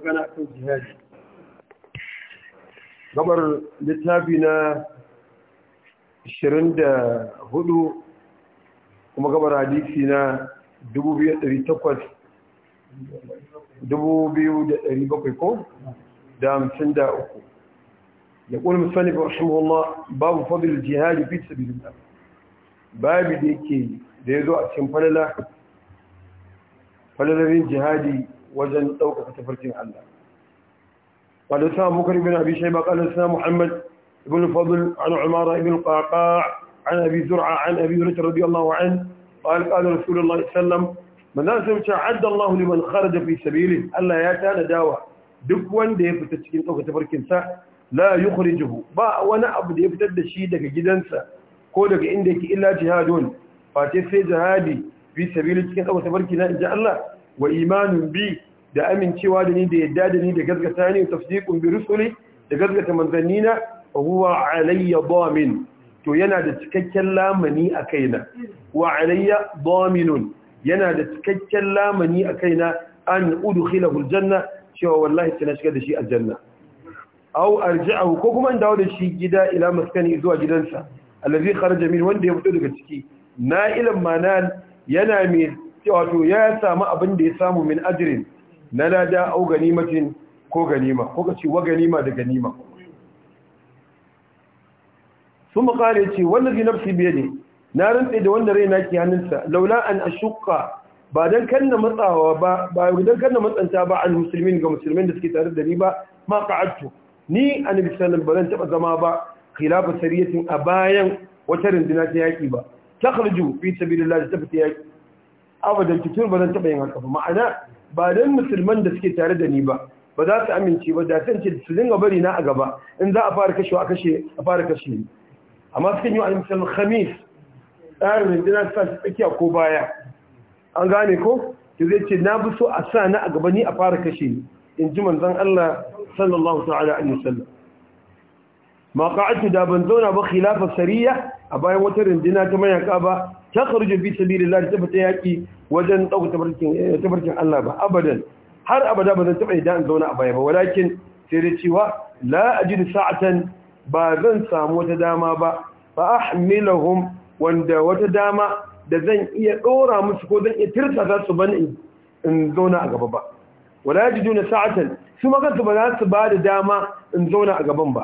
magana akan jihadi gabar littafi na 24 kuma gabar hadisi na 2,700 ko da hamsin da uku ya ba musallin rahimahullah babu fadil jihadi fi da. babu da yake da ya zo a cikin falala falalarin jihadi wajen ɗaukaka tafarkin Allah قال سنا bin بن أبي شيبة قال سنا محمد بن الفضل عن عمارة بن القعقاع عن أبي زرعة عن أبي هريرة رضي الله عنه قال قال رسول sallam صلى الله عليه وسلم من ناسم عد الله لمن fi في Allah ya tana dawa duk wanda ya fita cikin ɗauka tafarkinsa la yi kurijihu ba wani abu da ya fitar da shi daga gidansa ko daga inda yake illa jihadun fate sai jihadi fi sabili cikin ɗauka tafarki na inji Allah wa imanun bi da amincewa da ni da yadda da ni da gaskata ni tafsiqun bi rusuli da gaskata manzannina fa huwa alayya damin to yana da cikakken lamani a kaina wa alayya daminun yana da cikakken lamani a kaina an udkhilahu aljanna cewa wallahi sai na shiga da shi aljanna aw arji'ahu ko kuma dawo da shi gida ila maskani zuwa gidansa allazi kharaja min wanda ya fito daga ciki na'ilan manan yana mai cewa to ya samu abin da ya samu min ajrin na lada au ganimatin ko ganima ko ka ce wa ganima da ganima sun makare ce wanda zai nafsi biye ne na rantse da wanda raina ke hannunsa laula an ashukka ba don kanna matsawa ba ba don kanna matsanta ba an musulmin ga musulmin da suke tare da ni ba ma ka'attu ni a nabi sallam ba zan taɓa zama ba khilafa sariyatin a bayan wata rundina ta yaƙi ba ta kharju fi sabilillah ta fita yaƙi abadan cikin ba zan taɓa yin haka ma'ana ba don musulman da suke tare da ni ba ba za su amince ba da san ce su dinga bari na a gaba in za a fara kashewa a kashe a fara kashe ni amma sukan yi alimsal khamis tsarin rundunar sa shi tsakiya ko baya an gane ko ki zai ce na bi so a sa na a gaba ni a fara kashe ni in ji manzon Allah sallallahu ta'ala alaihi wasallam ma da ban zauna ba khilafa sariya a bayan wata rindina ta mayaka ba ta kharuju fi sabilillah ta fita yaki wajen dauka tabarkin tabarkin Allah ba abadan har abada ban taba idan zauna a baya ba walakin sai da cewa la ajidu sa'atan ba zan samu wata dama ba fa ahmilahum wanda wata dama da zan iya dora musu ko zan iya tirsa za su bani in zauna a gaba ba wala yajiduna sa'atan su su ba za su ba da dama in zauna a gaban ba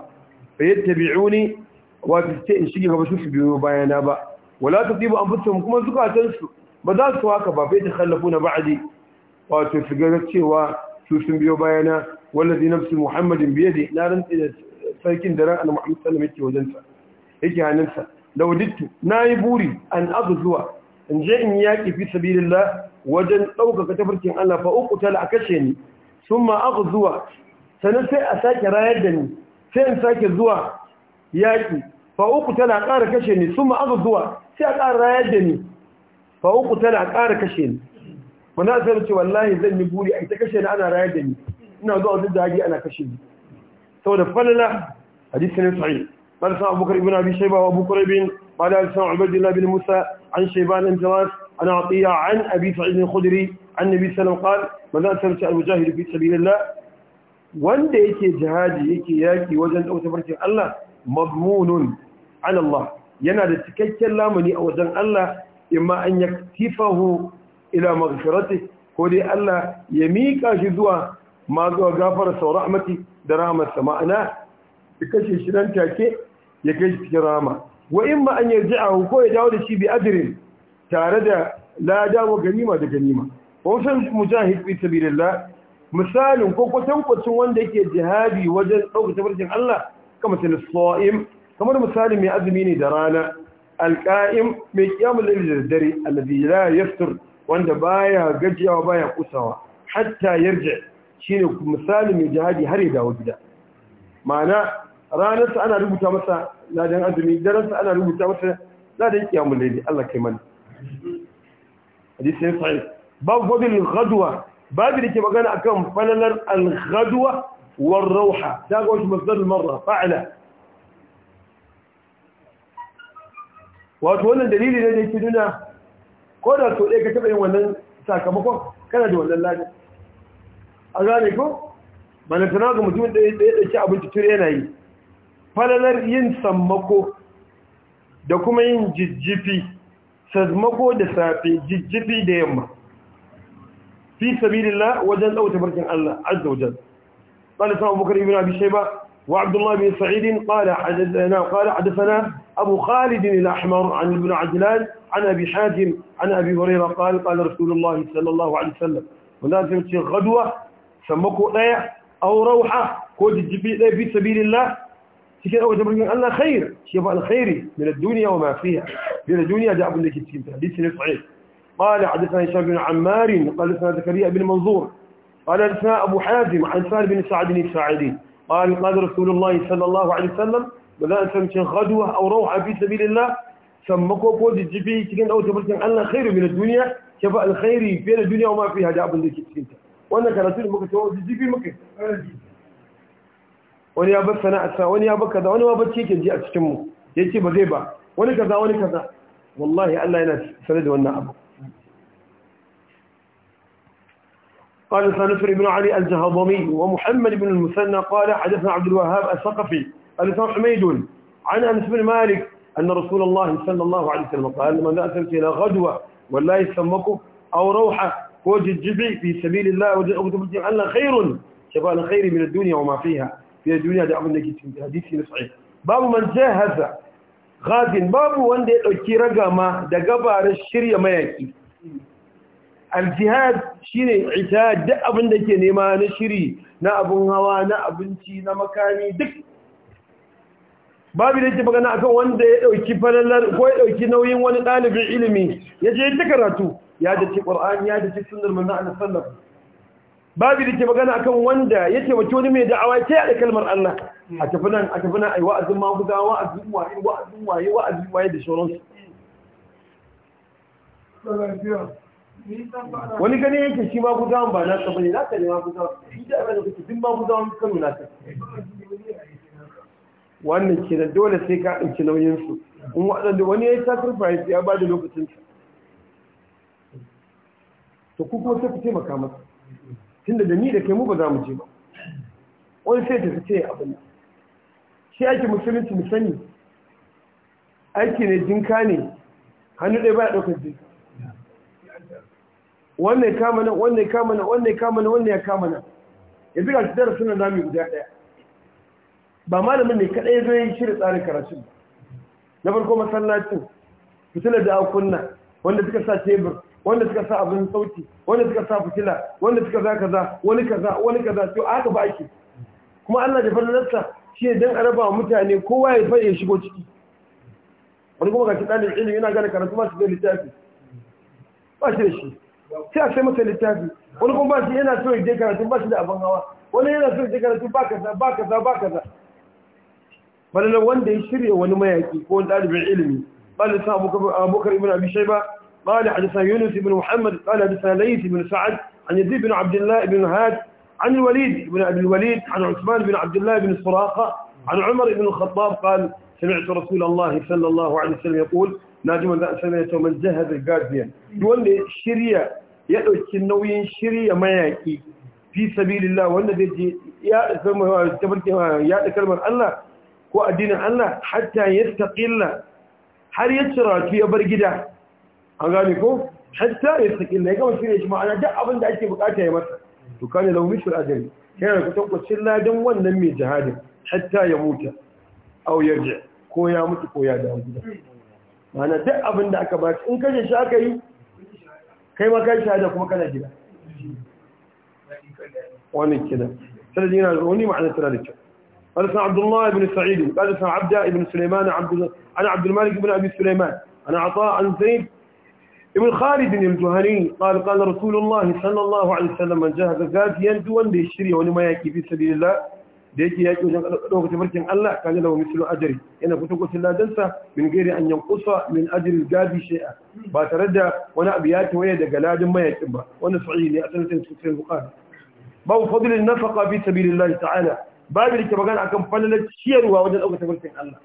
fayattabi'uni wato ce in shige gaba su biyo bayana ba wala tuqibu anfusuhum kuma zukatan su ba za su haka ba fa yatakhallafuna ba'di wato su ga cewa su sun biyo bayana wallazi nafsi muhammadin biyadi na rantsi da sarkin da ran annabi muhammad sallallahu alaihi wasallam yake hannunsa law dittu nayi buri an zuwa. in je in yaki fi sabilillah wajen ɗaukaka tafarkin Allah fa uku tala a kashe ni sun aka zuwa sannan sai a sake rayar da ni sai sake zuwa yaki fa uku tana ƙara kashe ni sun azu zuwa sai a ƙara rayar da ni fa uku tana ƙara kashe ni mana sai ce wallahi zan ni buri a ita kashe ni ana rayar da ni ina zuwa wajen jihadi ana kashe ni saboda falala hadisi ne sa'i قال سمع أبو بكر بن أبي شيبة وأبو كريب قال سمع عبد الله بن موسى عن شيبان الجواز عن عطية عن أبي سعيد الخدري عن النبي صلى الله عليه وسلم قال ماذا سمعت المجاهد في سبيل الله wanda yake jihadi yake yaki wajen ɗauka farkin Allah mazmunun ala Allah yana da cikakken lamuni a wajen Allah imma an yaktifahu ila maghfirati ko dai Allah ya mika shi zuwa ma zuwa gafara sa rahmati da rahmatsa ma'ana ya kashe shi take ya kai shi cikin rahama wa imma an yarji'ahu ko ya dawo da shi bi adirin, tare da lada wa ganima da ganima wa san mujahid fi sabilillah misalin ko kwatankwacin wanda yake jihadi wajen ɗauka tafarkin Allah kama salisa'im kamar misalin mai azumi ne da rana alƙa'im mai kyamun lalil da dare alazila yastur wanda baya gajiyawa baya kusawa hatta yarje ne misali mai jihadi har ya dawo gida ma'ana ranarsa ana rubuta masa ladan azumi daransa ana rubuta masa ladan kiyamul layli Allah kai mana hadisi sai babu fadil ghadwa babu da ke magana akan falalar al-ghadwa war rauha ta ga wasu masdar marra fa'ala wato wannan dalili ne da yake nuna ko da to ɗaya ka taɓa yin wannan sakamakon kana da wannan lada a gane ko mana tana ga mutum da ya ɗauki abinci ture yana yi falalar yin sammako da kuma yin jijjifi sammako da safe jijjifi da yamma في سبيل الله وجل أو تبرك الله عز وجل قال سلام أبو بكر بن أبي شيبة وعبد الله بن سعيد قال حدثنا قال حدثنا أبو خالد الأحمر عن ابن عجلان عن أبي حاتم عن أبي هريرة قال قال رسول الله صلى الله عليه وسلم ولازم تصير غدوة سمكوا ضيع أو روحة كود في سبيل الله cikin أو jami'in الله خير khair الخير من الدنيا وما فيها من الدنيا جاء fiha min ad-dunya da قال حدثنا هشام بن عمار قال حدثنا زكريا بن منظور قال حدثنا أبو حازم عن سهل بن سعد الساعدي قال قال رسول الله صلى الله عليه وسلم بلا أن تمشي غدوة أو روحة في سبيل الله سمكو فوز الجبي تكن أو تبرتن الله خير من الدنيا شفاء الخير في الدنيا وما فيها جاب لك تكنت وأنا كرسول مكة فوز الجبي مكة wani ya bar sana'arsa wani ya bar kaza wani ma bacci yake ji a cikin mu yace ba zai ba wani kaza wani kaza wallahi Allah yana sanar da wannan abu قال حدثنا بن علي الجهضمي ومحمد بن المثنى قال حدثنا عبد الوهاب الثقفي حدثنا حميد عن أنس بن مالك أن رسول الله صلى الله عليه وسلم قال من أسلت إلى غدوة ولا يسمك أو روحة وجه الجبع في سبيل الله وجه أغتب الجبع أن خير شبال خير من الدنيا وما فيها في الدنيا دعم النجيس في الحديث نصعي باب من جاهز غاد باب وانده اكي كي رقما دقبار الشرية ما يكي aljihad shine ita duk abin da ke nema na shiri na abun hawa na abinci na makami duk babu da yake magana akan wanda ya dauki falalar ko ya dauki nauyin wani dalibin ilimi ya je ta karatu ya da ci qur'ani ya da ci sunnar manzo Allah sallallahu babu da yake magana akan wanda yake wace wani mai da'awa sai da kalmar Allah a tafi nan a tafi nan ai wa'azin ma guda wa'azin waye, wa'azin waye wa'azin wa'i da shoron su wani gani yake shi ma gudawan ba na nasa bane zaka ka ne ma gudawan shi da abin da kake duk ma gudawan kano ta. wannan ke da dole sai ka nauyin su in waɗanda wani ya yi sacrifice ya bada lokacin sa to ku kuma sai ku taimaka masa tunda da ni da kai mu ba za mu je ba wani sai ta ce abin shi ake musulunci mu sani aiki ne jinka ne hannu ɗaya ba ya ɗaukar jinka wannan ya kama nan wannan ya kama nan wannan ya kama nan wannan ya kama nan yanzu ga tsara suna nami guda ɗaya ba malamin ne kaɗai zai shirin tsarin karatun na farko masallacin fitilar da akunna wanda suka sa tebur wanda suka sa abin sauti wanda suka sa fitila wanda suka za kaza wani kaza wani kaza to haka ba ake kuma Allah da fannarsa shi ne dan araba wa mutane kowa ya fa shigo ciki wani kuma ga shi ilimi yana gane karatu ba su zai littafi ba shi da shi sai a sai masa littafi wani kuma ba shi yana so ya je karatu ba shi da abin hawa wani yana so ya je karatu ba kaza ba kaza ba kaza balalan wanda ya shirya wani mayaki ko wani ɗalibin ilimi sa abokar ibn abi قال حدثنا يونس بن محمد قال حدثنا ليث بن سعد عن يزيد بن عبد الله بن هاد عن الوليد بن أبي الوليد عن عثمان بن عبد الله بن سراقه عن عمر بن الخطاب قال سمعت رسول الله صلى الله عليه وسلم يقول لا ذا سمعت من جهز شريه ya ɗauki nauyin shirya mayaƙi fi sabilillah wanda zai je ya zama ya kalmar Allah ko addinin Allah hatta taƙilla. har ya ciratu ya bar gida a gane ko hatta ya taƙilla ya gama shirya shi ma'ana duk abin da ake bukata ya masa to kana lahu mithlu ajri yana da kutankwacin ladin wannan mai jihadin hatta ya muta aw yarji ko ya mutu ko ya dawo gida ma'ana duk abin da aka ba in kashe shi aka yi kai ma kai shahada kuma kana gida wannan kenan sanadi yana da wani ma'ana tana da kyau قال سمع عبد الله بن سعيد قال سمع عبد بن سليمان عبد انا عبد الملك بن ابي سليمان انا عطاء عن زيد ابن خالد الجهني قال قال رسول الله صلى الله عليه وسلم من جهز غازيا دون ليشتري ولما يكي في سبيل الله da yake yaƙi wajen ɗaukacin barkin Allah ka jala wa mislu ajari yana kusa kusa ladansa min gairi an kusa min ajiri gabi shi'a ba tare da wani abu ya tawaye daga ladin mayakin ba wannan sa'i ne a sanatin sosai ba babu fadilin nafaka fi sabilillahi ta'ala babu bi ke magana akan falalar ciyarwa wajen ɗaukacin barkin Allah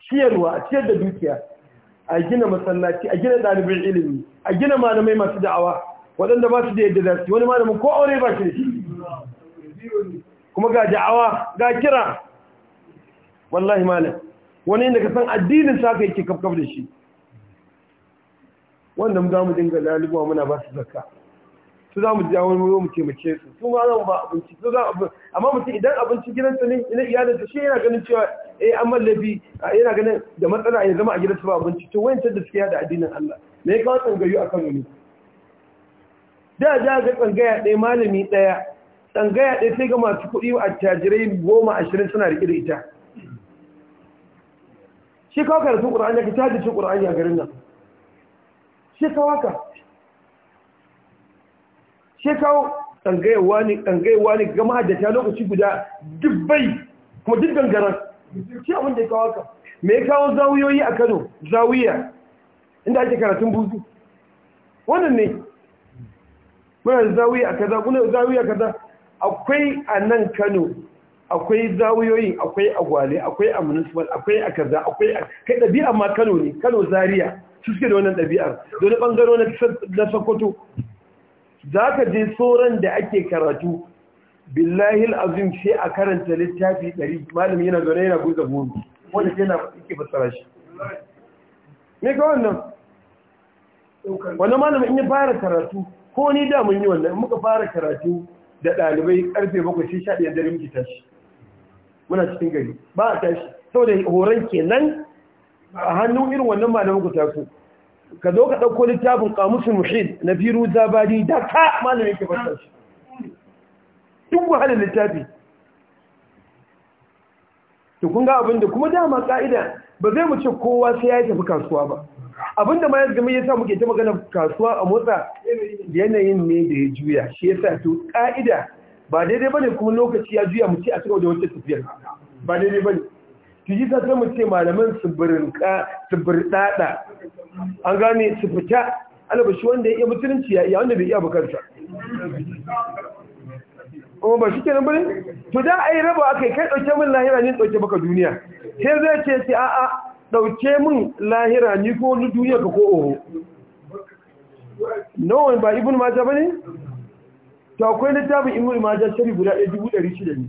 ciyarwa a ciyar da dukiya a gina masallaci a gina ɗalibin ilimi a gina malamai masu da'awa waɗanda ba su da yadda za su wani malamin ko aure ba da shi kuma ga da'awa ga kira wallahi malam wani inda ka san addinin sa ka yake kafkaf da shi wannan za mu dinga lalubuwa muna ba su zakka su za mu jawo mu mu taimake su su ma za mu ba abinci su za mu amma mutum idan abinci gidansa ne ina iyalinsa shi yana ganin cewa eh an mallabi yana ganin da matsala ya zama a gidan su ba abinci to wayancan da suke yada addinin Allah me ya kawo tsangayu akan wani da da ga tsangaya ɗaya malami ɗaya tsangaya ɗaya sai ga masu kuɗi a tajirai goma ashirin suna riƙe da ita shi kawo karatun ƙura'ani ka caji shi ƙura'an a garin nan shi kawo ka shi kawo tsangayewa ne tsangayewa ne gama da ta lokaci guda dubbai kuma duk gangaran shi abin da ya kawo ka me ya kawo zawiyoyi a kano zawiya inda ake karatun buzu wannan ne muna da zawiya kaza kuna da zawiya kaza akwai a nan kano akwai zawiyoyin akwai a gwale akwai a municipal akwai a kaza akwai a kai ɗabi'a ma kano ne kano zaria su suke da wannan ɗabi'ar da wani ɓangaro na sokoto za ka je tsoron da ake karatu billahi azim sai a karanta littafi ɗari malami yana zaune yana guza buru wanda ke na ke fassara shi me ka wannan wani malam in ya fara karatu ko ni da mun yi wannan muka fara karatu da ɗalibai karfe bakwai sai sha ɗaya dare muke tashi muna cikin gari ba a tashi da horon ke nan, a hannun irin wannan malamin ku taso ka zo ka ɗauko littafin ƙamusin muhid na biru zabadi da ka malamin ke fasa shi duk wahalar littafi to kun ga abin da kuma dama ka'ida ba zai mu ce kowa sai ya tafi kasuwa ba abinda ma ya zama ya sa muke ta magana kasuwa a motsa yanayin ne da ya juya shi ya sa to ka'ida ba daidai bane kuma lokaci ya juya mu ce a cikin wajen tafiyar ba daidai bane to yi sa sai mu ce malaman su birinka su an gane su fita shi wanda ya iya mutunci ya wanda bai iya bukarsa kuma ba shi ke nan bane to da ai raba akai kai dauke min lahira ne dauke baka duniya sai zai ce sai a'a ɗauke min lahira ni ko duniya ka ko oho nawa ba ibn maja ba ne? ta akwai littafin ibn maja shari guda 1600 ne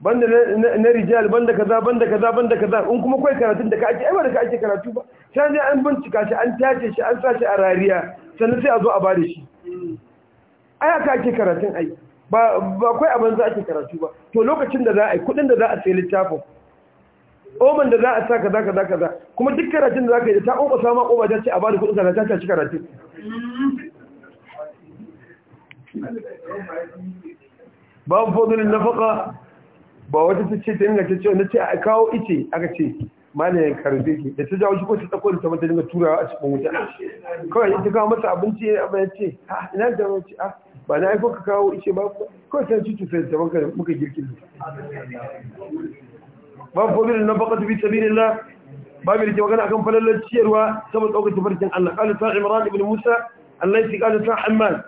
banda na rijal banda kaza banda kaza banda kaza in kuma kai karatun da ka ake aiwa da ka ake karatu ba sai ne an bincika shi an tace shi an sashi a rariya sannan sai a zo a ba da shi ai aka ake karatun ai ba kai abin za ake karatu ba to lokacin da za a yi kudin da za a sai littafin oman da za a sa kaza kaza kaza kuma duk karatun da za ka yi ta oba sama oba ta ce a bada kudin kaza ta ci karatu babu fadilin nafaka ba wata ta ce ta inga ta ce wanda ce a kawo ice aka ce malayin karbe ke da ta jawo shi ko ta tsako da ta mata dinga turawa a cikin wuta kawai ita kawo masa abinci ya ba ya ce ha ah, ina da wuce? ce ah, ba na aiko ka kawo ice ba kawai ta ci tufe da muka girkin mafobin na baka su fi sabirin la ba mai rike magana akan falallar ciyarwa saboda tsokacin farkin Allah kala sa imran ibn musa Allah ya fi kala sa amman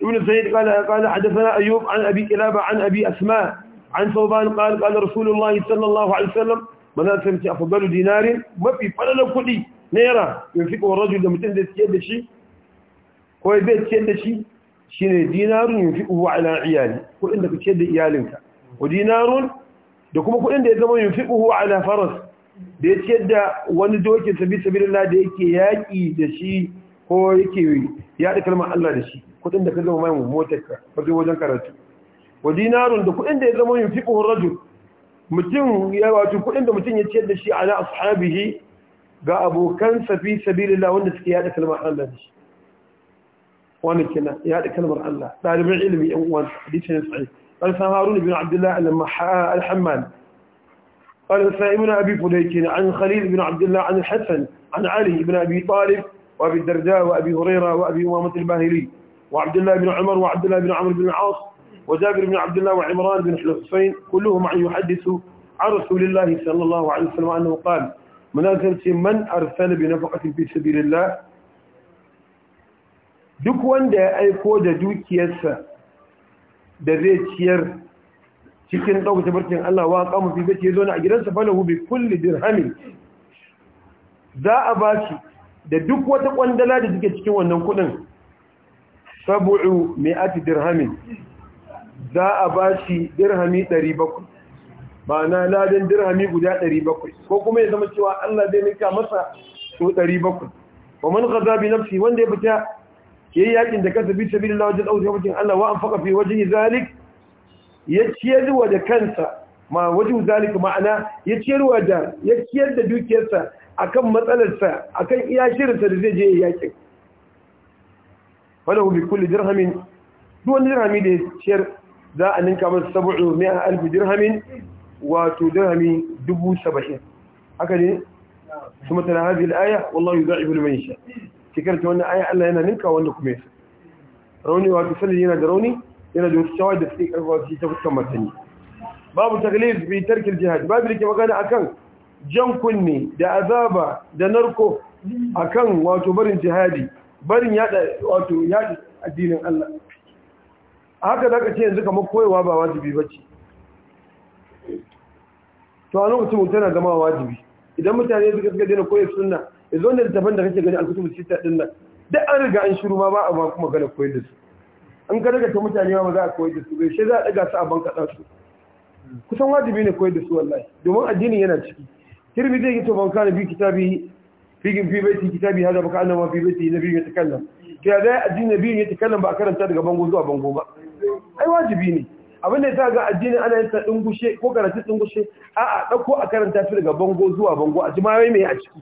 ibn zaid kala ya kala hadasana ayyub an abi kilaba an abi asma an sauban kala kala rasulullah sallallahu alaihi wasallam mana ta mace afdalu dinarin mafi falalar kuɗi naira yin fi kowar rajul da mutum da ciyar da shi ko ya bai da shi shine dinarun yin fi kowa ala iyali ko inda ka ciyar iyalinka ko da kuma kuɗin da ya zama yin a ala faras da ya ciyar da wani dokin sabi sabirila da yake yaƙi da shi ko yake yaɗa kalmar Allah da shi kuɗin da ka zama mai motar ka wajen karatu wa dinarun da kuɗin da ya zama yin fiƙuhu rajul mutum ya wato kuɗin da mutum ya ciyar da shi ala ashabihi ga abokan safi sabirila wanda suke yaɗa kalmar Allah da shi wani kina yaɗa kalmar Allah ɗalibin ilimi yan uwansa hadisin sahih قال هارون بن عبد الله الحمال قال سائمنا أبي فديك عن خليل بن عبد الله عن الحسن عن علي بن أبي طالب وأبي الدرداء وأبي هريرة وأبي أمامة الباهلي وعبد الله بن عمر وعبد الله بن عمرو بن العاص وجابر بن عبد الله وعمران بن الحسين كلهم عن يحدثوا عن رسول الله صلى الله عليه وسلم أنه قال منازلة من أرسل بنفقة في سبيل الله وان دا اي aiko دوك يسا da zai ciyar cikin ɗaukace barkin Allah wa ƙamun fi zai ce zo na a gidansa falahu bi kulli dirhamin za a ba shi da duk wata ƙwandala da suke cikin wannan kuɗin sabu'u mai ati dirhamin za a ba shi dirhami bakwai. ba na ladan dirhami guda ɗari bakwai. ko kuma ya zama cewa Allah zai nika masa so ɗari bakwai bi nafsi wanda ya fita ke yakin da kansa bi sabilillah wajen dauke wajen Allah wa anfaqa fi wajhi zalik ya ciyar wa da kansa ma wajhu zalik ma'ana ya ciyar wa da ya ciyar da dukiyarsa akan matsalarsa akan iya shirinsa da zai je yakin wala bi kulli dirhamin duk wani dirhami da ya ciyar za a ninka masa sab'u mi'a alf dirhamin wato dirhami dubu saba'in haka ne ثم تلا هذه الآية والله يضاعف لمن يشاء ki karanta wannan ayi Allah yana ninka wanda kuma yasa rauni wa bisali yana da rauni yana da wata da suke karfafa shi ta fuskan martani babu taglid bi tarkil jihad babu da ke magana akan jan kunne da azaba da narko akan wato barin jihadi barin yada wato yada addinin Allah haka zaka ce yanzu kamar koyewa ba wajibi bace to a lokacin mutum tana zama wajibi idan mutane suka suka daina koyar sunna yanzu wanda littafin da kake gani alkutubu sita din nan duk an riga an shiru ma ba a ba kuma gana koyar da su an ka daga ta mutane ma za a koyar da su bai shi za a daga su a banka da su kusan wajibi ne koyar da su wallahi domin addini yana ciki kirmi zai to ban kana bi kitabi figin fi baiti kitabi hada baka annama fi baiti nabi ya takallam to ya zai addini nabi ya takallam ba karanta daga bango zuwa bango ba ai wajibi ne abin da ya ga addinin ana yin dungushe ko karatu dungushe a'a dauko a karanta shi daga bango zuwa bango a jima'ai mai a ciki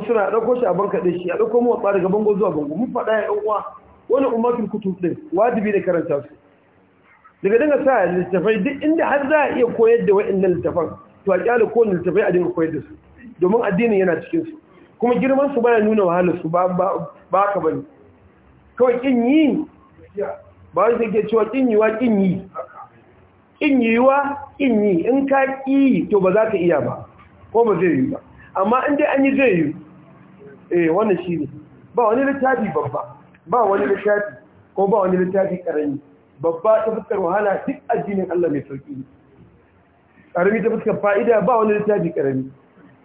musuna na ɗauko shi a banka ɗin shi a ɗauko mu watsa daga bango zuwa bango mun faɗa ya uwa wani umarkin kutu ɗin wajibi ne karanta su daga dinga sa littafai duk inda har za a iya koyar da wa'annan littafan to a kyale ko littafai a dinga koyar da su domin addinin yana cikin su kuma girman su baya nuna wahalar su ba ba ka bane kawai kin yi ba wani ke cewa kin yi wa kin yi kin yi wa kin yi in ka ki to ba za ka iya ba ko ba zai yi ba amma in dai an yi zai yi eh wannan shi ne ba wani littafi babba ba wani littafi ko ba wani littafi karami babba ta fuskar wahala duk addinin Allah mai sauki karami ta fuskar fa'ida ba wani littafi karami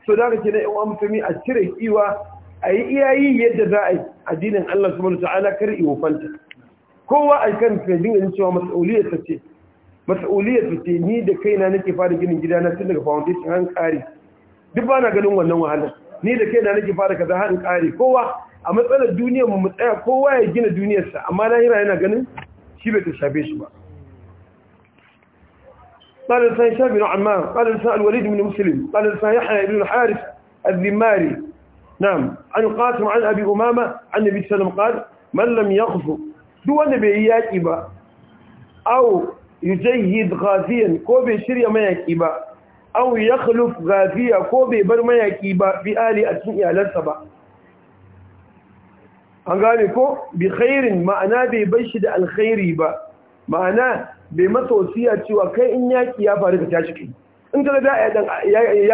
so da kake na yan uwa mutumi a cire kiwa a yi iyayi yadda za a yi addinin Allah subhanahu ta'ala kar i wofanta kowa a kan kajin dinga cewa mas'uliyar ta ce mas'uliyar ta ce ni da kaina nake fara ginin gidana tun daga foundation an kare duk ba na ganin wannan wahalar ni da kai na nake fara kaza har in kare kowa a matsalar duniyar mu mutsaya kowa ya gina sa amma lahira yana ganin shi bai ta shi ba قال لسان شاب بن عمان قال لسان الوليد بن مسلم قال لسان يحيى بن الحارث الذماري نعم عن قاسم عن أبي أمامة عن النبي صلى الله عليه وسلم قال من لم يغزو دو النبي ياكي با أو يجيد غازيا كو بيشري ما ياكي ya yakhluf gafiya ko bai bar mayaki ba bi ali a cikin iyalansa ba an gane ko bi khairin ma'ana bai bar shi da alkhairi ba ma'ana bai masosiya cewa kai in yaki ya faru ka tashi kai in ka da ya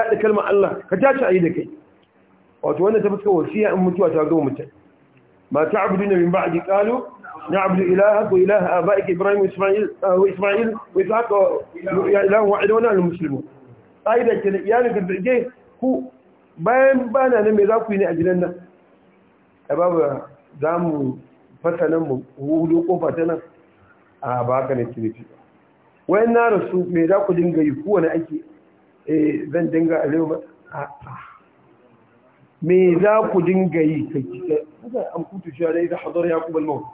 da kalmar Allah ka tashi ayi da kai wato wanda ta fuskar wasiya in mutuwa ta zo mutum ma ta'buduna min ba'di qalu نعبد إلهك وإله آبائك إبراهيم وإسماعيل وإسماعيل وإسحاق إله واحد ونحن المسلمون ƙa'ida ke da iyalin gargaje ku bayan ba na nan mai za ku yi ne a gidan nan a babu za mu fata nan mu hudu kofa ta nan a ba haka ne nufi wayan na rasu mai za ku dinga yi kowane ake zan dinga a lewa me za ku dinga yi eh, kika haka an kutu shi a da ta hazar ya kubal mawu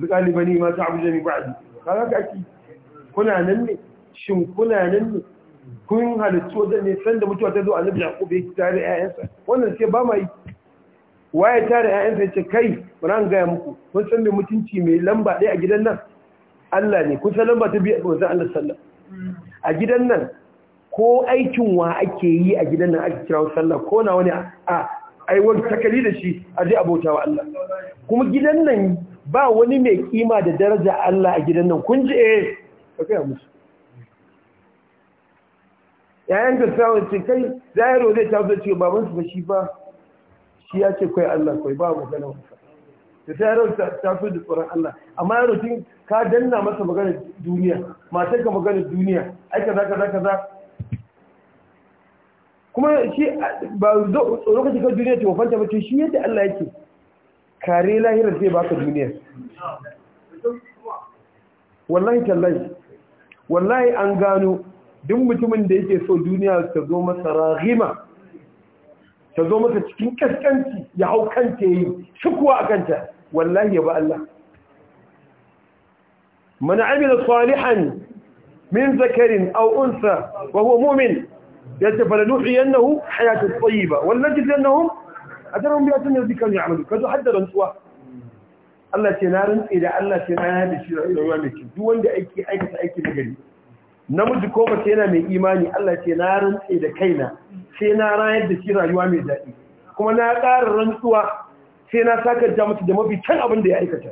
zikali bani ma ta abu jami ba'adi kaga ka ake kuna nan ne shin kuna nan ne kun halittu wajen ne sanda mutuwa ta zo annabi yaqub yake tare 'ya'yansa? wannan sai ba mai waye tare ƴaƴansa ce kai bana ga gaya muku kun san me mutunci mai lamba ɗaya a gidan nan Allah ne kun san lamba ta biyu manzo Allah sallah a gidan nan ko aikin wa ake yi a gidan nan ake kira sallah ko na wani a ai wani takali da shi a je abota wa Allah kuma gidan nan ba wani mai kima da daraja Allah a gidan nan kun ji eh kai musu yayan da samu ce kai zairo zai taso ce baban su ba shi ba shi ya ce kai Allah kai ba magana wanka da ta yaro ta fi da tsoron Allah amma yaro tun ka danna masa magana duniya matar ka magana duniya ai kaza kaza kaza kuma shi ba lokaci ka duniya ce wafanta ba ce shi yadda Allah yake kare lahirar zai baka duniya wallahi tallahi wallahi an gano duk mutumin da yake so duniya ta zo masa raghima ta zo masa cikin kaskanci ya hau kanta yi shukuwa a kanta wallahi ya ba Allah man amila salihan min zakarin aw unsa wa huwa mu'min annahu hayatu tayyiba wal wallahi annahum ajrahum bi atmi dhikran ya'malu kazo haddara nsuwa Allah ce na rantsi da Allah ce na hada shi da ruwa mai duk wanda aiki aikata aiki gari namiji ko sai yana mai imani Allah ce na rantse da kaina sai na rayar da shi rayuwa mai daɗi kuma na ƙara rantsuwa sai na saka ja da mafi can abin da ya aikata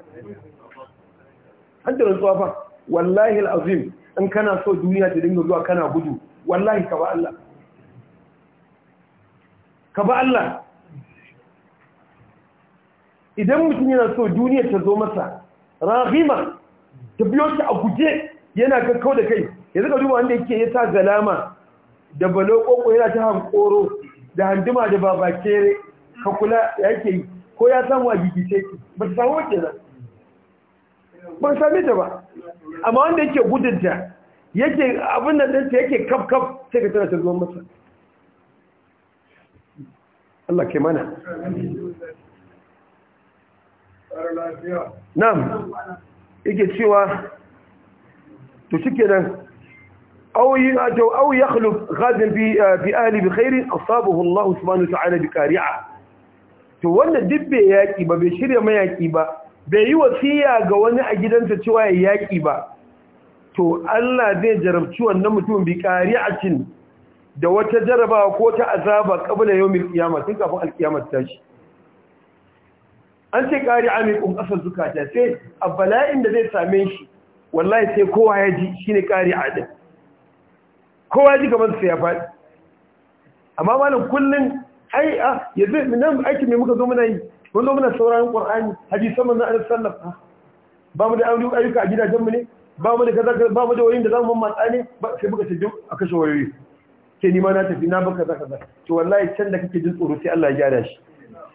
an da rantsuwa fa wallahi al'azim in kana so duniya ta dinga zuwa kana gudu wallahi ka ba Allah ka ba Allah idan mutum yana so duniya ta zo masa rahima ta biyo ta a guje yana kakkau da kai yanzu ka duba wanda yake ya sa galama da balo koko yana ta hankoro da handuma da babakere ka kula yake yi ko ya samu a gigice ba ta samu wake nan ba same ta ba amma wanda yake gudunta yake abin nan ɗanta yake kaf kaf sai ka tana ta zuwan masa Allah ke mana na'am yake cewa to shi nan. أو أو يخلف غدا في أهلي بخير أصابه الله سبحانه وتعالى بكارعة to wannan duk bai yaƙi ba bai shirya mayaki ba bai yi wasiya ga wani a gidansa cewa ya yaƙi ba to Allah zai jarabci wannan mutum bi qari'atin da wata jarabawa ko ta azaba qabla yawmil qiyamah tun kafin ta tashi an ce qari'a mai kun kasar zukata sai a bala'in da zai same shi wallahi sai kowa ya ji shine qari'a din kowa ji gaban su ya faɗi amma malam kullun ai a ah, yanzu nan aiki mai muka zo muna yi mun zo muna sauraron qur'ani haji manzon na sallallahu alaihi wasallam ba mu da ayyuka a gidajen mu ne ba mu da kaza ba mu da wayoyin da zamu tsani ne sai muka tafi a kashe wayoyi ke ni ma na tafi na baka kaza-kaza. to wallahi can da kake jin tsoro sai Allah ya gyara shi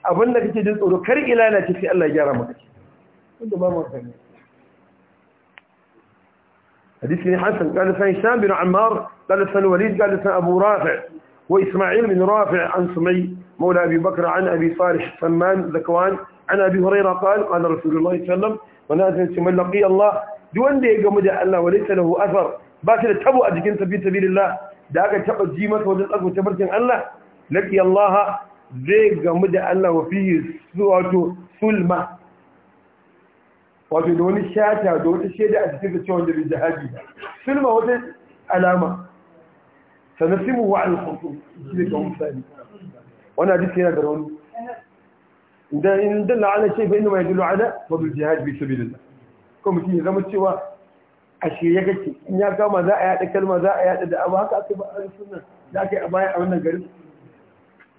abin da kake jin tsoro kar ilana ce sai Allah ya gyara maka wanda ba mu sani حديث بن حسن قال لسان هشام بن عمار قال لسان وليد قال لسان أبو رافع وإسماعيل بن رافع عن سمي مولى أبي بكر عن أبي صالح سمان ذكوان عن أبي هريرة قال قال رسول الله صلى الله عليه وسلم ونازل من لقي الله دون دي قمد الله وليس له أثر باكر تبو أجكين في سبيل الله داك تبو جيمة وجد أكو تبرتين الله لقي الله زي قمد الله وفيه سوء سلمة wato da wani shata da wata shaida a cikin da cewa da bai jihadi silma wata alama sannan simu wa alkhutu shi ne kawai misali wani hadisi yana da rauni idan in dalla ala shay fa inma yadullu ala fadl jihad bi da ko mutum ya zama cewa a ya kake in ya kama za a yada kalma za a yada da abu haka aka ba a sunan da aka yi a baya a wannan garin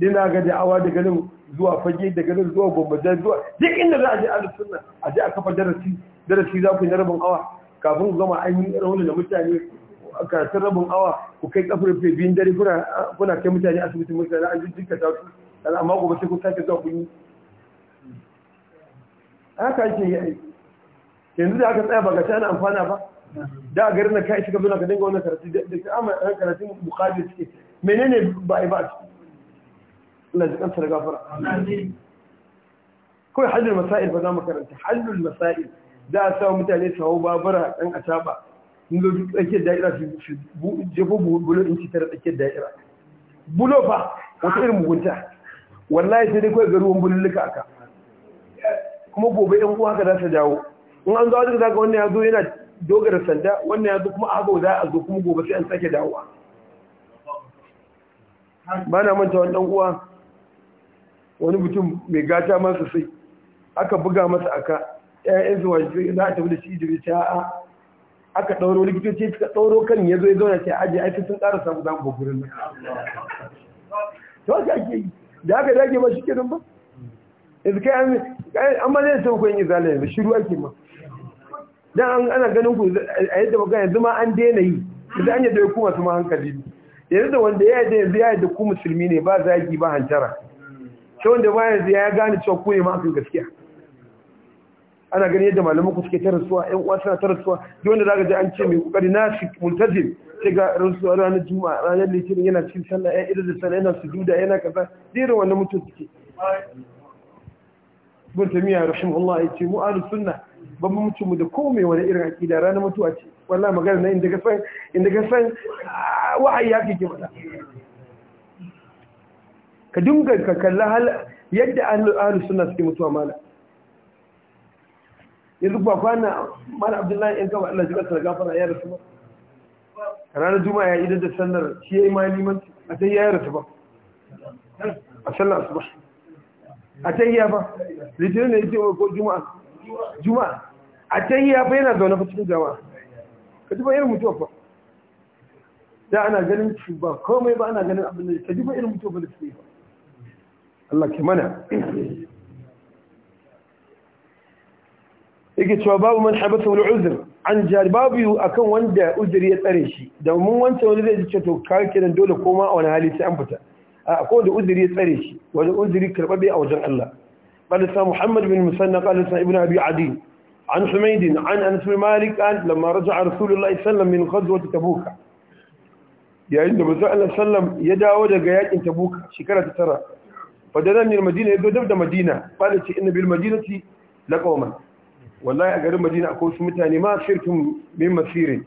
dina ga da'awa daga nan zuwa fage daga nan zuwa bambaja zuwa duk inda za a je ahlus sunna a je a kafa darasi darasi za ku yi rabin awa kafin ku gama an yi rauni da mutane a karatun rabin awa ku kai kafin fe biyun dare kuna kai mutane asibitin mutane an jinka ta su amma gobe sai ku sake zuwa ku yi haka yake yi aiki yanzu da aka tsaya ba ga ta ana amfana ba da garin na kai shiga zuwa ka dinga wannan karatu da amma karatun bukhari suke menene ba ai ba ciki Allah ji kansa da gafara kawai hajjul masail ba za mu karanta hajjul masail za a sa mutane su hau babura ɗan ataba in zo duk tsakiyar da'ira su jefo bulo inci tara tsakiyar da'ira bulo fa wata irin mugunta wallahi sai dai kawai garuwan bululluka aka kuma gobe yan uwa haka za su dawo in an zo zaka yana dogara sanda a haka dan uwa wani mutum mai gata ma sosai aka buga masa aka ƴaƴan zuwa za a tafi da shi jiri ta a aka ɗauro likitoci suka ɗauro kan ya zo ya zauna ce aji aiki sun ƙara samu zamu gurin nan to haka ake yi da haka dage ba shi nan ba yanzu kai an an ma zai sauko yin izala yanzu shiru ake ma dan an ana ganin ku a yadda magana yanzu ma an daina yi yanzu an yadda ku masu ma hankali ne yanzu da wanda ya yadda yanzu ya yadda ku musulmi ne ba zagi ba hantara ta wanda bayan zai ya gane cewa ku ne ma gaskiya ana gani yadda malamu ku suke ta rasuwa 'yan uwa suna ta rasuwa duk wanda zaka ji an ce mai kokari shi multazim sai ga rasuwa ranar juma'a ranar litinin yana cikin sallah ya irin da sallah yana sujuda yana kaza irin wannan mutum suke ibn tamiya Allah ya ce mu ahlus sunna ban mutum mu da komai wani irin akida ranar mutuwa ce wallahi magana na inda ka san inda ka san ah, wahayi ya ke mata ka dinga ka kalla hal yadda ahlul sunna suke mutuwa mala yanzu ba kwana mala abdullahi in gaba Allah ya kasa gafara ya rasu ba ranar juma'a ya idan da sallar shi yayi ma limanci a sai ya rasu ba a sallar asuba a ya ba litinin ne yake ko juma'a juma'a a ya ba yana zaune fa cikin jama'a ka duba irin mutuwa fa da ana ganin ba komai ba ana ganin abin da ka duba irin mutuwa ba da suke ba Allah ki mana yake cewa babu man habata wal uzr an jari babu a kan wanda uzuri ya tsare shi da mun wancan wani zai ce to ka kiran dole koma a wani hali sai an fita a ko da uzuri ya tsare shi wani uzuri karbabe a wajen Allah qala sa muhammad bin musanna qala sa ibnu abi adi an humayd an anas bin malik an lamma raja'a rasulullahi sallallahu min ghazwati tabuk yayin da manzo Allah sallam ya dawo daga yakin Tabuka shekara ta tara fadaran ne madina ya dab da madina bada ce inna bil madinati laƙoman. wallahi a garin madina akwai wasu mutane ma shirkin min masirin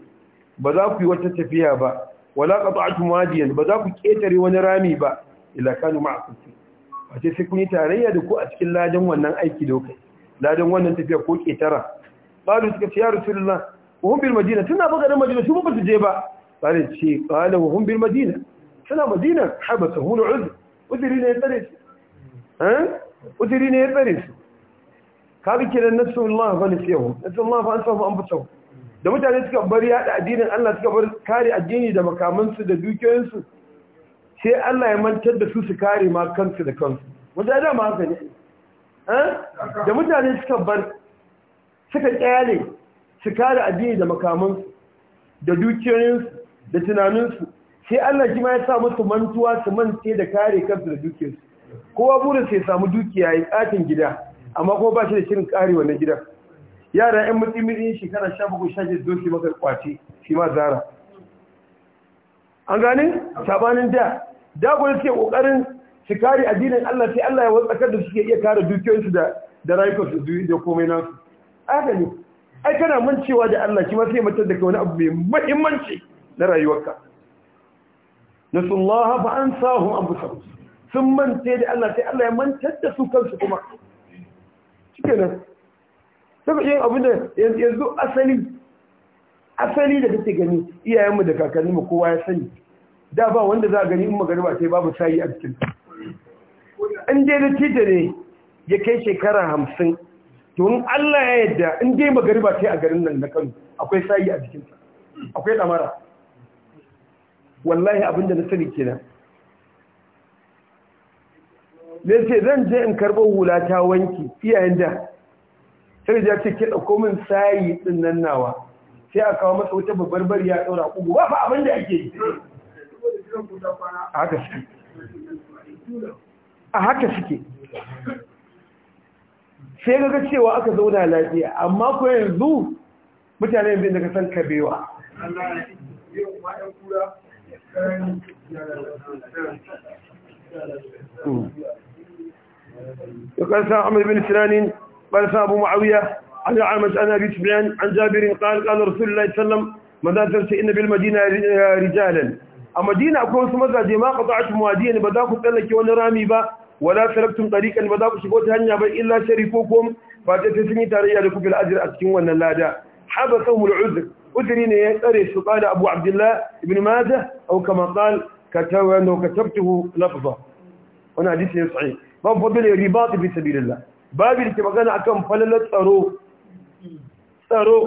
ba za ku yi wata tafiya ba wala qata'tum wadiyan ba za ku ƙetare wani rami ba ila kanu ma'akum wace sai kun yi tarayya da ku a cikin ladan wannan aiki da kai ladan wannan tafiya ko ketara qalu suka ce ya rasulullah wa hum madina tana ba garin madina su ba su je ba qala ce qala wa hum bil madina Suna madina habasahul uzr uzri ne tsare uzuri ne ya tsare su ka bi kiran nasullah fa nasiyahu nasullah fa ansahu anfusahu da mutane suka bar yada addinin Allah suka bar kare addini da makamansu da dukiyoyinsu sai Allah ya mantar da su su kare ma kansu da kansu wanda da ma haka ne da mutane suka bar suka kyale su kare addini da makamansu da dukiyoyinsu da tunaninsu sai Allah shi ma ya sa musu mantuwa su mance da kare kansu da dukiyoyinsu kowa burin sai samu dukiya ya tsakin gida amma kuma ba shi da shirin kare wannan gida. yara yan mutsimiri shekara 17 16 zo shi maka kwace shi ma zara an gane sabanin da da gwada suke ƙoƙarin su kare addinin Allah sai Allah ya wasu tsakar da suke iya kare dukiyoyinsu da da rayukansu da komai nasu aka ne ai kana mancewa da Allah kima sai mutar da kai wani abu mai muhimmanci na rayuwarka nasullaha fa ansahum anfusahum sun mance da Allah sai Allah ya mantar da su kansu kuma shike nan saboda yin abin da yanzu asali asali da kake gani iyayenmu da kakanninmu kowa ya sani da ba wanda za a gani in magana ba sai babu sayi a cikin in je da tita ne ya kai shekara hamsin tun Allah ya yadda in dai magariba sai a garin nan na Kano akwai sayi a jikinsa akwai damara wallahi abinda na sani kenan ne ce zan je in karɓo hula ta wanki iyayen da sai da ce "Ke ɗauko min sayi ɗin nan nawa sai a kawo masa wata babbar bari ya ɗaura ƙugu ba fa abin da ake yi haka suke a haka suke sai ga cewa aka zauna lafiya amma ko yanzu mutane yanzu da ka san kabewa Mm. وقال سا عمر بن سنان قال سا أبو معاوية عن عامة أنا أبي عن جابر قال قال رسول الله صلى الله عليه وسلم ماذا ترسي إن بالمدينة رجالا المدينة أكون سمزة دي ما قطعت موادين بداكو تلك رامي با ولا سلبتم طريقا بداكو شكوت هنيا با إلا شريفوكم فتتسمي تاريا لكم في الأجر دا ونلادا قوم العذر أذرين يترس قال أبو عبد الله ابن ماذا أو كما قال كتبته لفظة وانا حديث صحيح ban fadila riba ta fi sabilillah babu da ke magana akan falalar tsaro tsaro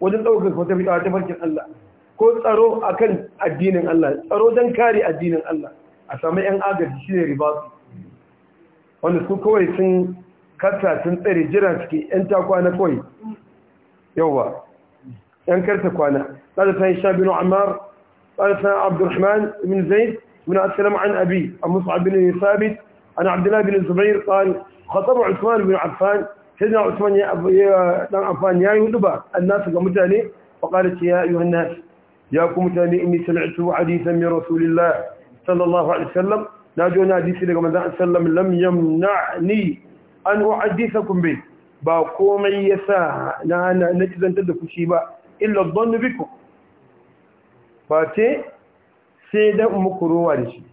wajen ɗaukar wata fita ta farkin Allah ko tsaro akan addinin Allah tsaro don kare addinin Allah a sami yan agaji shi ne riba wanda su kawai sun kasa sun tsare jira suke yan takwana kawai yawa yan karta kwana قال سنة هشام Amar, عمار قال Abdurrahman عبد الرحمن بن زيد بن أسلم عن أبي مصعب بن ثابت عن عبد الله بن الزبير قال خطب عثمان بن عفان سيدنا عثمان يا دان عفان يا يدبا الناس كمتاني فقالت يا ايها الناس يا كمتاني اني سمعت حديثا من رسول الله صلى الله عليه وسلم ناجونا حديث daga manzon sallam lam yamna'ni an uhaddithakum bi ba komai yasa na na zantar da kushi ba illa dhannu bikum ba ce sai da muku ruwa da shi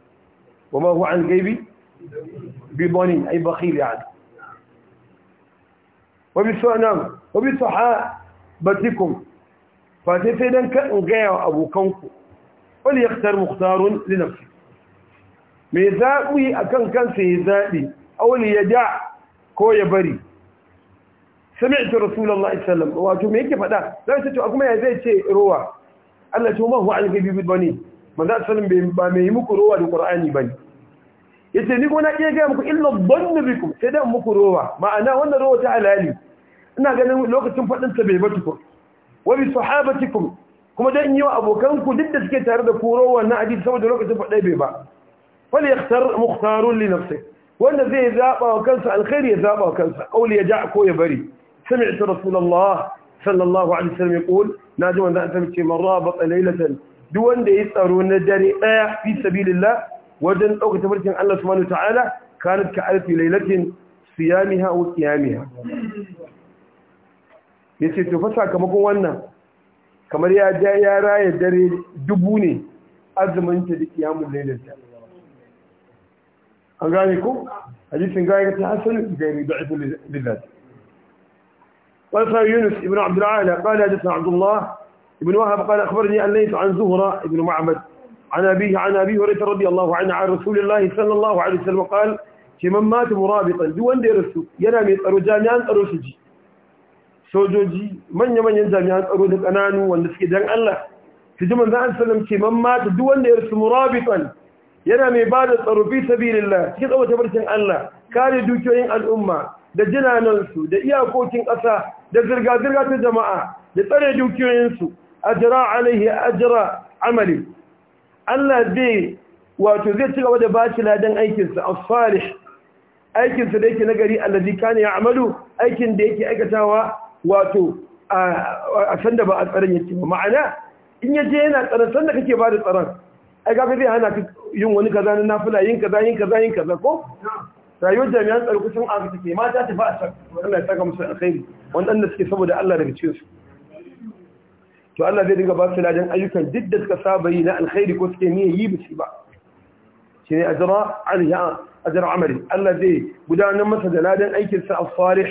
wa ma huwa al-ghaibi ببني أي بخيل يعني وبالسؤال نعم، وبصحابتكم فتفيدا كأنجايا أبو كونكو وليختار مختار لنفسه ميزاوي أكن كان سيزادي أو ليجع كو بري سمعت رسول الله صلى الله عليه وسلم واجم يكي فدا لا يستطيع أكما يزيد شيء روى الله ما هو عن قبيب البني ماذا سلم بما يمك روى القرآن بني yace ni kuma na iya ga muku illa dhannu sai dan muku rowa ma'ana wannan rowa ta halali ina ganin lokacin fadin ta bai batuku wa bi sahabatikum kuma dan yi wa abokan ku duk da suke tare da ku rowa na hadisi saboda lokacin fadai bai ba fal yakhtar mukhtarun li nafsi wanda zai zaba wa kansa alkhairi ya zaba wa kansa qawli ya ja ko ya bari sami'tu rasulullah sallallahu alaihi wasallam yaqul naji wanda an tabbce man raba laylatan duk wanda ya tsaro na dare daya fi sabilillah wajen ɗauka tafarkin Allah subhanahu ta'ala kanat ka alfi lailatin siyamiha wa qiyamiha yace to fa sakamakon wannan kamar ya ja ya raya dare dubu ne azumin ta da qiyamul lailatin an gane ko hadisin gaya ta hasan gani da'if lillahi قال يونس ابن عبد العال قال حدثنا عبد الله ابن وهب قال أخبرني أن ليس عن زهرة ابن معبد عن أبيه عن أبي هريرة رضي الله عنه عن رسول الله صلى الله عليه وسلم قال مات مرابطا دون ينامي tsaro da ƙananu wanda suke dan Allah su ya rasu murabitan yana mai ba da tsaro fi sabilillah cikin tsawata Allah kare dukiyoyin al'umma da jinanansu da iyakokin ƙasa da zirga ta jama'a da tsare dukiyoyinsu ajira ajira Allah zai wato zai cigaba da bashi ladan aikinsa as-salih aikinsa da yake nagari allazi kana ya'malu aikin da yake aikatawa wato a san da ba a tsaron yake ba ma'ana in yaje yana tsaron san da kake ba da tsaron ai ga zai hana ka yin wani kaza na nafila yin kaza yin kaza yin kaza ko rayuwar jami'an tsaro kusan aka take mata tafi a san Allah ya saka musu alkhairi wannan da suke saboda Allah daga cikin su to Allah zai dinga ba su ladan ayyukan duk da suka saba yi na alkhairi ko suke niyyar yi ba bishi ba shi ne ajra alha azra amali Allah zai gudanar masa da ladan aikin sa al salih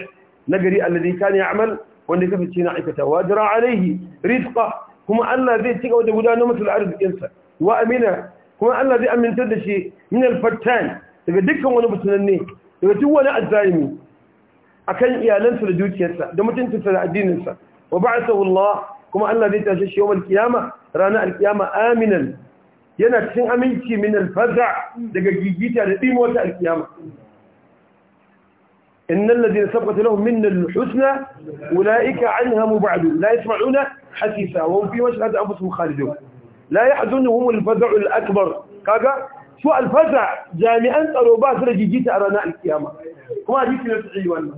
nagari alladhi kana ya'mal wanda ya kafice na aikata wa jira alaihi rizqa kuma Allah zai cika da gudanar masa da arzikin sa wa amina kuma Allah zai amintar da shi min al-fattan daga dukkan wani mutunanne daga duk wani azzalimi akan iyalansa da dukiyarsa da mutuntunsa da addininsa wa ba'athahu Allah kuma Allah zai tashi shi yawmal kiyama ranar alkiyama aminan yana cikin aminci min alfaza daga gigita da dimo ta alkiyama innal ladina sabqat lahum minna alhusna ulaika anha mubadun la yasma'una hasisa wa hum fi mashhad anfusuhum khalidun la yahzunuhum alfaza alakbar kaga su alfaza jami'an tsaro ba su da gigita a ranar alkiyama kuma hadisi na sahihi wannan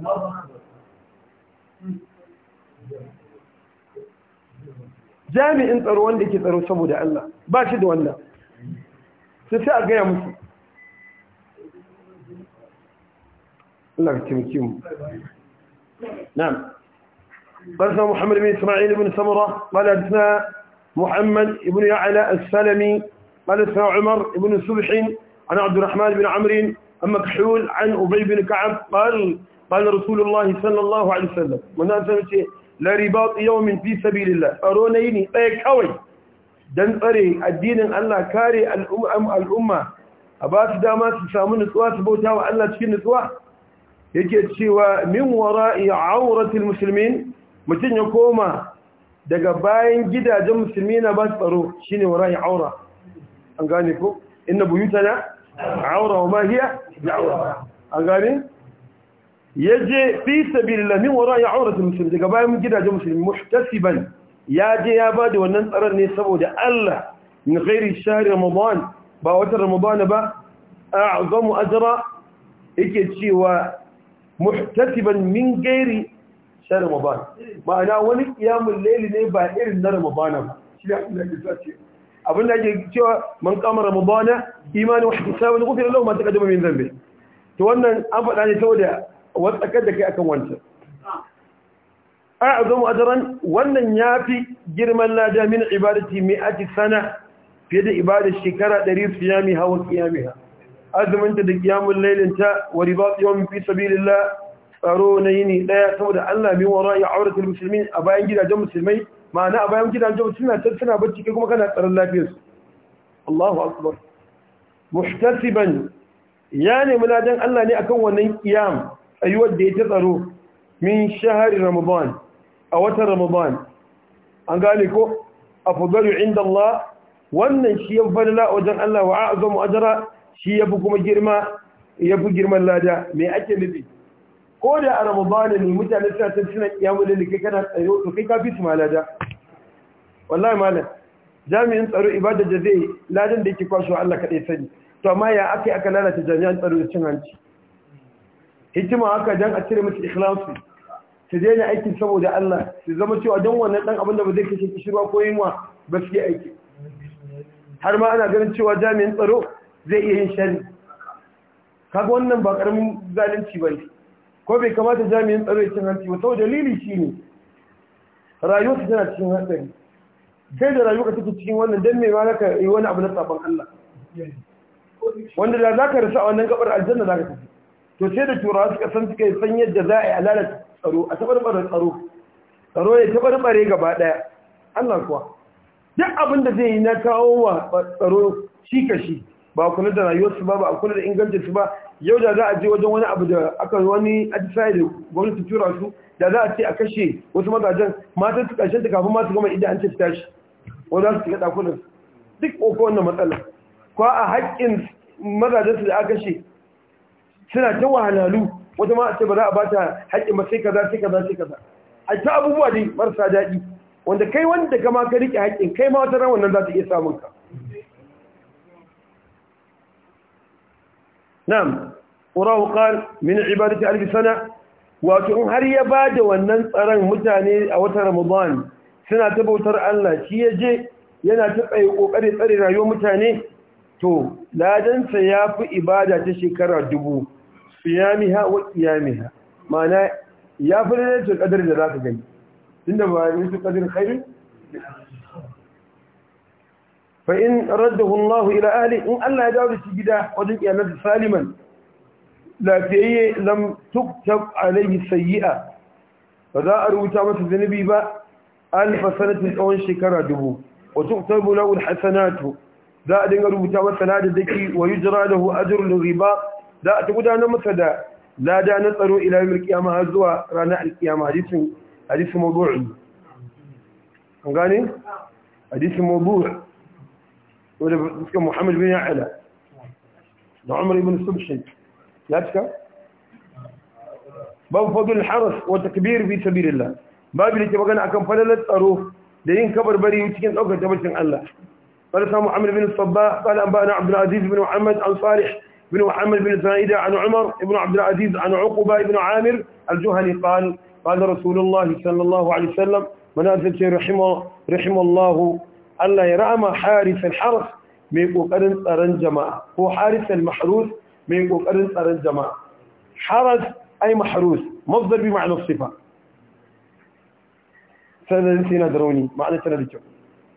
jami'in tsaro wanda ke tsaro saboda Allah ba shi da wannan sai sai a gaya musu Allah ka taimake mu na'am قال محمد بن إسماعيل بن سمرة قال حدثنا محمد بن يعلى السلمي قال حدثنا عمر بن سبح عن عبد الرحمن بن عمرو عن مكحول عن أبي بن كعب قال قال رسول الله صلى الله عليه وسلم من أسلم la ribat yawmin fi sabilillah tsaro na yini ɗaya kawai dan tsare addinin Allah kare al'umma a ba su dama su samu nutsuwa su bauta wa Allah cikin nutsuwa yake cewa min wara'i auratil muslimin mutum ya koma daga bayan gidajen musulmi na ba tsaro shine wara'i aura an gane ko inna buyutana aura wa ma hiya aura an gane ya je fi sabilillah min wara ya aurata musulmi daga bayan gidajen musulmi muhtasiban ya je ya bada wannan tsaron ne saboda Allah min ghairi shahri ramadan ba wata ramadan ba a'zamu ajra yake cewa muhtasiban min ghairi shahri ramadan ma'ana wani qiyamul layli ne ba irin na ramadan ba shi da Allah ya ce abin da ake cewa man kama ramadana imani wa ihtisaban ghufira lahu ma taqaddama min dhanbi to wannan an faɗa ne saboda watsakar da kai akan wancan a azamu ajaran wannan ya fi girman lada min ibadati mai ake sana fiye da ibadar shekara ɗari su 100 siyami hawa siyami ha azuminta da kiyamun lailinta wa ribat yawan fi sabilillah tsaro na yini ɗaya saboda Allah min wara ya aure auratul musulmin a bayan gidajen musulmai ma'ana a bayan gidajen musulmai suna suna bacci kai kuma kana tsaron lafiyarsu Allahu akbar muhtasiban ya nemi ladan Allah ne akan wannan kiyam tsayuwar da ya ta tsaro min shahari ramadan a watan ramadan an gane ko a inda Allah wannan shi ya fadala a wajen Allah wa a'azamu ajara shi ya fi kuma girma ya fi girman lada mai ake nufi ko da a Ramadan ne mutane suna ta suna kiyamu da kai kana tsaro to kai ka fi su ma lada wallahi malam jami'in tsaro ibada da zai ladan da yake kwashewa Allah kaɗai sani to amma ya aka aka lalata jami'an tsaro da cin hanci hikima haka dan a cire musu ikhlasi su daina aikin saboda Allah su zama cewa don wannan dan abin da ba zai kashe kishirwa ko yinwa ba su aiki har ma ana ganin cewa jami'in tsaro zai iya yin shari kaga wannan ba karamin zalunci ba ne ko bai kamata jami'in tsaro ya cin hanci ba saboda dalili shi ne rayuwarsa tana cikin hatsari kai da ka take cikin wannan dan me ma ka yi wani abu na sabon Allah wanda da zaka rasa a wannan gabar aljanna zaka tafi to sai da turawa suka san suka yi san yadda za a yi alalar tsaro a tabarbar tsaro tsaro ya tabarbare gaba daya Allah kuwa duk abin da zai yi na kawo wa tsaro shi ka shi ba kula da rayuwarsu ba ba a kula da ingancinsu ba yau da za a je wajen wani abu da aka wani atisaye da gwamnati tura su da za a ce a kashe wasu mazajen matan su karshen ta kafin masu gama idan an ce tashi wanda su shiga dakunan duk ko wannan matsala ko a haƙƙin mazajen su da aka kashe suna ta wahalalu wata ma ce ba za a ba ta haƙƙin ba sai kaza sai kaza sai kaza a ta abubuwa dai marasa daɗi wanda kai wanda kama ka riƙe haƙƙin kai ma wata ran wannan za ta iya samun ka na'am urahu qal min ibadati alf sana wato in har ya ba da wannan tsaron mutane a watan ramadan suna ta bautar Allah shi je yana ta tsaye kokari tsare rayuwar mutane to ladansa fi ibada ta shekara dubu صيامها وقيامها معناه يا فلانه القدر اللي راك جاي عند ما يجي قدر خير فان رده الله الى اهله ان الله يجاوب سجدا ودي يا سالما لا تيه لم تكتب عليه سيئه فذا اروتا مس ذنبي با الف سنه اون شكر دبو وتكتب له الحسنات ذا دين رب تبارك ذكي ويجرى له اجر الغباء za a ta gudanar masa da lada na tsaro ila yawmil har zuwa ranar alqiyama hadisin hadisin an gane hadisin mawdu'i wanda suka Muhammad bin da Umar ibn ya cika babu fadul haras wata takbir bi sabilillah babu da ke magana akan falalar tsaro da yin bari cikin daukar tabbacin Allah قال سامو عمرو بن الصباح قال أنبأنا عبد العزيز بن محمد عن صالح بن محمد بن زايدة عن عمر بن عبد العزيز عن عقبة بن عامر الجهني قال قال رسول الله صلى الله عليه وسلم من أزلت رحمه, رحمه الله ألا يرأم حارس الحرس من قرن قرن جماعة هو حارس المحروس من قرن قرن جماعة حرس أي محروس مصدر بمعنى الصفة سنة دروني معنى سنة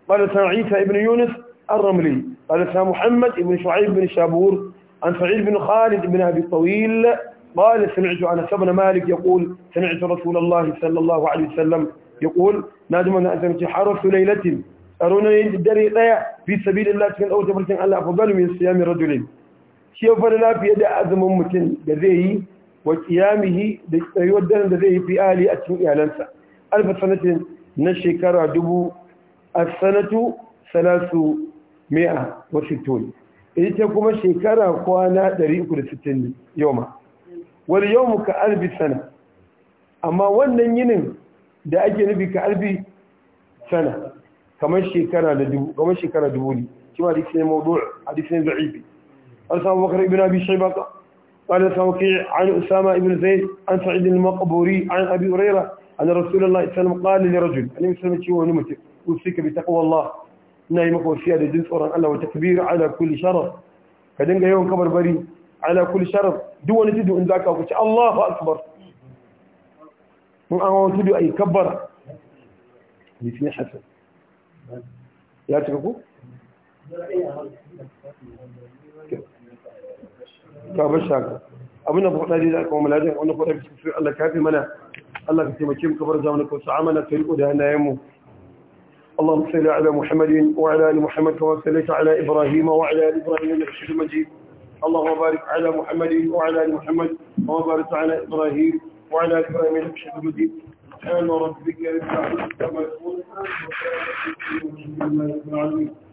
قال سنة عيسى بن يونس الرملي قال سنة محمد بن شعيب بن شابور عن سعيد بن خالد بن أبي طويل قال سمعت عن بن مالك يقول سمعت رسول الله صلى الله عليه وسلم يقول نادم أن أنت حرف ليلة الدري الدريقة في سبيل الله تكن أو تبرتن على أفضل من صيام رجل شيء لا في يد أزم ممكن دذيه وقيامه يودن دذيه في آلي أتم إعلانسا ألف سنة نشكر دبو السنة ثلاث مئة وستون ita kuma shekara kwana 360 yoma wani yawmu ka albi sana amma wannan yinin da ake nufi ka albi sana kamar shekara da dubu kamar shekara dubu ne shi ma hadisi ne mawdu' hadisi ne da'ifi an samu bakar ibn abi shayba قال توقيع عن أسامة بن زيد عن سعيد المقبوري عن أبي هريرة أن رسول الله صلى الله عليه وسلم قال لرجل أن يسلم شيء ونمت أوصيك بتقوى الله ناي مكو شيا دي الله وتكبير على كل شرف كدين يوم كبر بري على كل شرف دو تدو ان ذاك اوكي الله اكبر مو اهو تدو اي كبر لي في حسن يا تركو كابشاك abin da ku da jira kuma malaje wannan ko da shi Allah kafi في Allah ka taimake mu kabar zamanin ko sa اللهم صل على محمد وعلى ال محمد كما صليت على ابراهيم وعلى ال ابراهيم انك حميد مجيد اللهم بارك على محمد وعلى ال محمد كما باركت على ابراهيم وعلى ال ابراهيم انك حميد مجيد سبحان ربك رب العزه عما يصفون وسلام على المرسلين